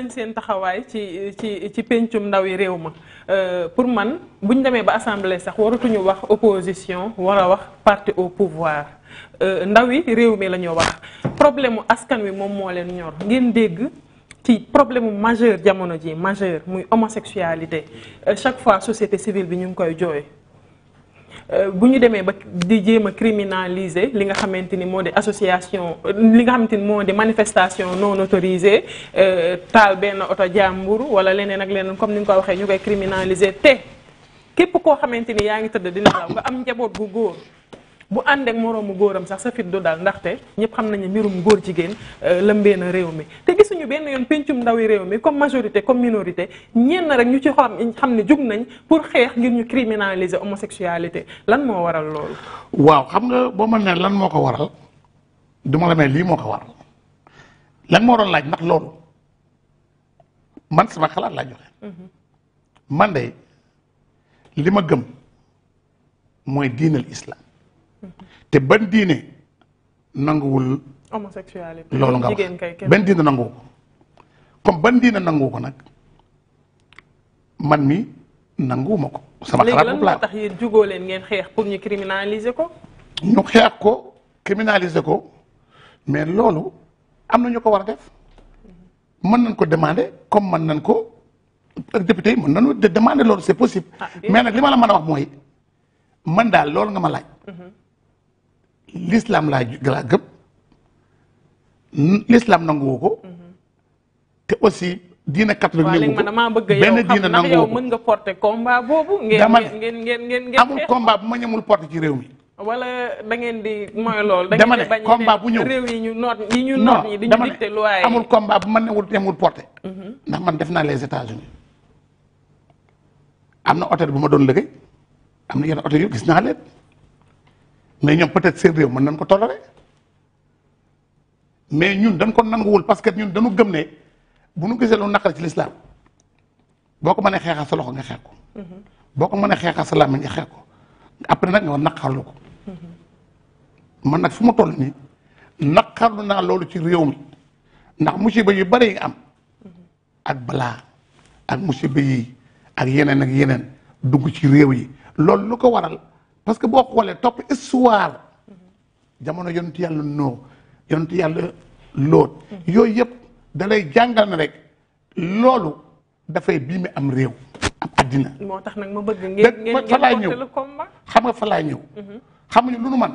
dañ seen taxawaay ci ci ci pencum ndaw yi réew ma euh, pour man bu demee ba assemblée sax waratuñu wax opposition war a wax parti au pouvoir euh, ndaw yi réew mi la ñu wax problème mu askan wi moom moo leen ñor ngeen dégg ci problème mu majeur jamono ji majeur muy homosexualité euh, chaque fois société civile bi ñu ngi koy jooy Euh, bu ñu demee ba di jéem a criminaliser li nga xamante ni moo di association li nga xamante ni moo di manifestation non autorisée euh, taal benn oto jàmbur wala leneen ak leneen comme ni nga koy waxee ñu koy criminaliser te képp koo xamante ni yaa ngi tëdd dina law nga am njaboot gu góor. bu ànd ak moroomu góoram sax sa fit du daal ndaxte ñëpp xam nañu mbirum góor jigéen euh, lëmbee na réew mi te gisuñu benn yoon pencum ndawi réew mi comme majorité comme minorité ñenn rek ñu ci xam xam ne jug nañ pour xeex ngir ñu criminaliser homosexualité lan moo waral loolu. waaw xam nga boo ma ne lan moo ko waral du ma la may lii moo ko waral lan moo doon laaj ndax loolu man sama xalaat laa joxe. Mhm. man de li ma gëm mooy diinal islam. te ban diine nanguwul. homosexualité loolu nga wax ban diine nanguwu ko comme ban diine nanguwu ko nag man mi nanguwuma ko. sama xalaat léegi laa tax yéen jugoo leen ngeen xeex pour ñu criminaliser ko. ñu xeex ko criminaliser ko mais loolu am na ñu ko war a def mën nañ ko demander comme mën nañ ko ak député yi mën nañu demander loolu c'est possible. Ah, mais nag li ma la mën a wax mooy man daal loolu nga ma laaj. Mhm. lislaam laa laa gëm l'islam nanguwu ko te aussi diina catholique nanguwu ko benn diina nanguwu ko mën nga porter combat boobu ngeen ngeen ngeen ngeen amul combat bu ma ñemul ci réew mi wala da ngeen di mooy loolu da ngeen di bañ combat bu ñëw réew ñu noot yi ñu noot yi dañu dicté loi yi amul mhm. ndax man def naa les états am na hôtel bu ma doon liggéey am na yenn hôtel yu gis naa leen mais ñoom peut-être seen réew mën nañ ko toléré mais ñun dañ ko nanguwul parce que ñun dañu gëm ne bu nu gisee lu naqar ci lislaam boo ko mënee xeexal sa loxo nga xeex ko. boo ko mënee xeexal sa ma nga xeex ko après nag nga war naqarlu ko. man nag suma toll nii naqarlu naa loolu ci réew mi ndax musiba yu bari yi am. ak balaa ak musiba yi ak yeneen ak yeneen dugg ci réew yi loolu lu ko waral. parce que boo xoolee topp histoire jamono yontu yàlla noo yontu yàlla loot yooyu yëpp da jàngal na rek loolu dafay bii mi am réew am addina. moo tax nag ma bëgg ngeen ngeen fa laay ñëw xam nga fa laay ñëw. Mhm. xamuñu lu nu man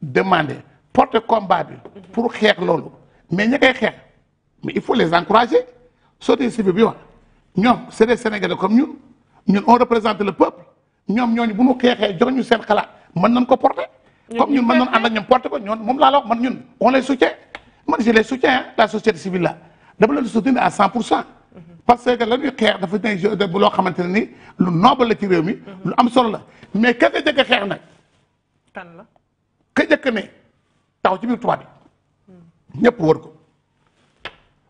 demander porter combat bi. Mhm. pour xeex loolu mais ña koy xeex ma il faut les encourager société civile bi wax ñoom c'est des sénégalais comme ñun ñun on représente le peuple. ñoom ñoo ñooñu bu ñu xeexee jox ñu seen xalaat mën nañ ko porter. comme ñun mën nañ ànd ak ñoom porter ko ñoon moom laa la man ñun on les soutient man je les soutiens la société civile là dama leen soutenir à 100 pour cent. parce que la ñuy xeex dafa nekk bu loo xamante ni lu noble la ci réew mi. lu am solo la mais ka nga jëkk xeex nag. la ka jëkk ne taw ci biir tubaab bi ñëpp wër ko.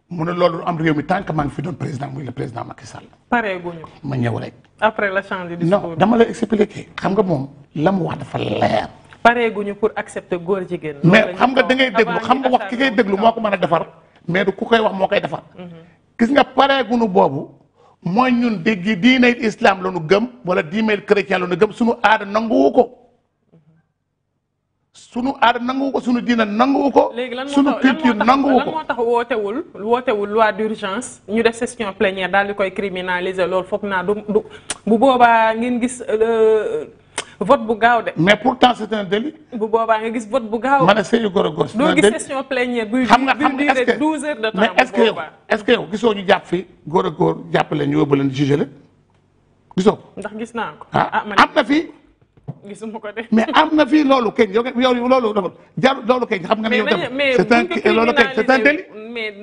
mu ne loolu am réew mi tant que maa ngi fi doon président muy le président Macky Sall. pareeguñu ma ñëw rek. après la change de discours. non dama xam nga moom la mu wax dafa leer. mais xam nga da ngay xam nga wax ki ngay déglu moo ko mën a defar mais du ku koy wax moo koy defar. Mhm. gis nga pareeguñu boobu mooy ñun dégg diiney islam la ñu gëm wala diiney chrétien la ñu gëm suñu aada nanguwu ko. sunu aada nanguwu ko sunu diina nanguwu ko. sunu culture nanguwu ko léegi lan moo tax wootewul wootewul loi d'urgence ñu def session plénière daal di koy criminaliser loolu foog naa du du bu boobaa ngeen gis euh, euh, vote bu gaaw de. mais pourtant c'est un délit. bu boobaa nga gis vote bu gaaw. ma ne Seydou Gora Goss. doo gis session plénière buy xam nga xam nga est mais est yow est yow gisoo ñu jàpp fi góor a góor jàppale ñu yóbbu leen jugé leen gisoo. ndax gis naa ko. ah, ah am na fi. gisuma ko de. mais am na fi loolu kenn yow yow loolu dafa jar loolu kenn xam nga ne yow. mais c'est un loolu kenn c'est un mais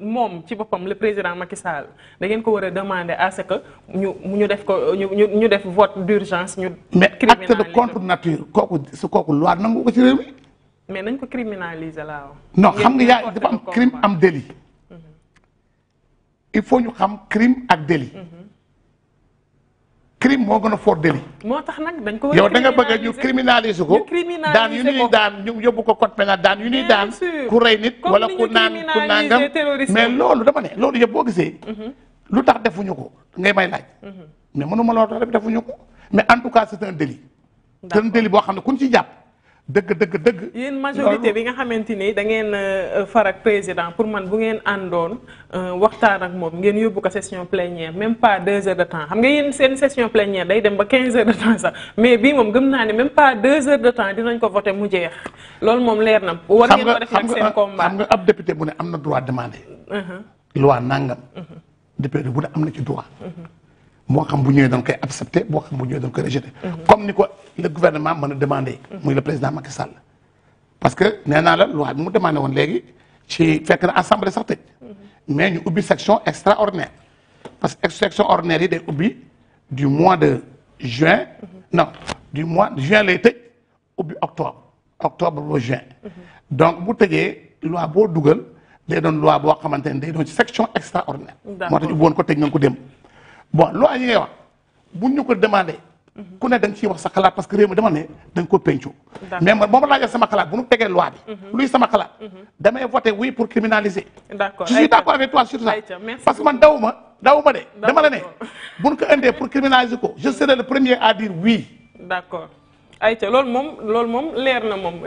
moom ci boppam le président Macky Sall da ngeen ko war a demander à ce que ñu ñu def ko ñu ñu def vote d'urgence ñu. mais acte de contre nature kooku su kooku loi nangu ko ci réew mi. mais nañ ko criminaliser laaw. non xam nga yaa def am crime am délit. Mhm. il faut ñu xam crime ak délit. Mhm. crime moo gën a fort délit. moo tax nag yow da nga ñu criminaliser ko daan yu ñuy daan yóbbu ko code pénal daan yu ñuy daan ku rey nit wala ku naan ku nangam mais loolu dama ne loolu yëpp boo gisee mhm. lu tax defuñu ko ngay may laaj mhm. mais mënuma loolu tax defuñu ko mais en tout cas c'est un délit boo xam ne kuñ ci jàpp dëgg dëgg dëgg. yéen majorité bi nga xamante ni da ngeen euh, far ak président pour man bu ngeen ànd àndoon euh, waxtaan ak moom ngeen yóbbu ko session plénière même pas deux heures de temps xam nga yéen seen session plénière day dem ba quinze heures de temps sax mais bii moom gëm naa ne même pas deux heures de temps dinañ ko voté mu jeex loolu moom leer na. war ngeen ko def nag seen combat xam nga ab député bu ne am na droit demandé. Uh-huh. loi nangam. Uh-huh. député bu ne am na ci droit. Uh-huh. moo xam bu ñëwee dañ koy accepté boo xam bu ñëwee dañ koy rejeté. Mhm. comme ni ko le gouvernement mën a demandé. Mhm. muy le président Macky Sall. parce que nee naa la loi bi mu demande woon léegi ci fekk na assemblée sax tëj. Mhm. mais ñu ubbi section extraordinaire parce que section ordinaire yi day ubbi du mois de juin. non du mois de juin lay tëj ubbi octobre octobre ba juin. donc bu tegee loi boo dugal day doon loi boo xamante ne day doon ci section extraordinaire. moo tax ñu ubbi woon ko tëj nañ ko dem. bon loi yi ngay wax bu ñu ko demandé. ku ne da nga ciy wax sa xalaat parce que réew mi dama ne da ko pencoo. mais man boo ma laajee sama xalaat bu nu tegee loi bi. Mhm. luy sama xalaat. Mhm. damay voté oui pour criminaliser. d' accord je avec toi sur ça. parce que man daw ma daw ma de. dama ne bu nu ko indee pour criminaliser ko je serai le premier à dire oui. d' accord ayca loolu moom leer na moom.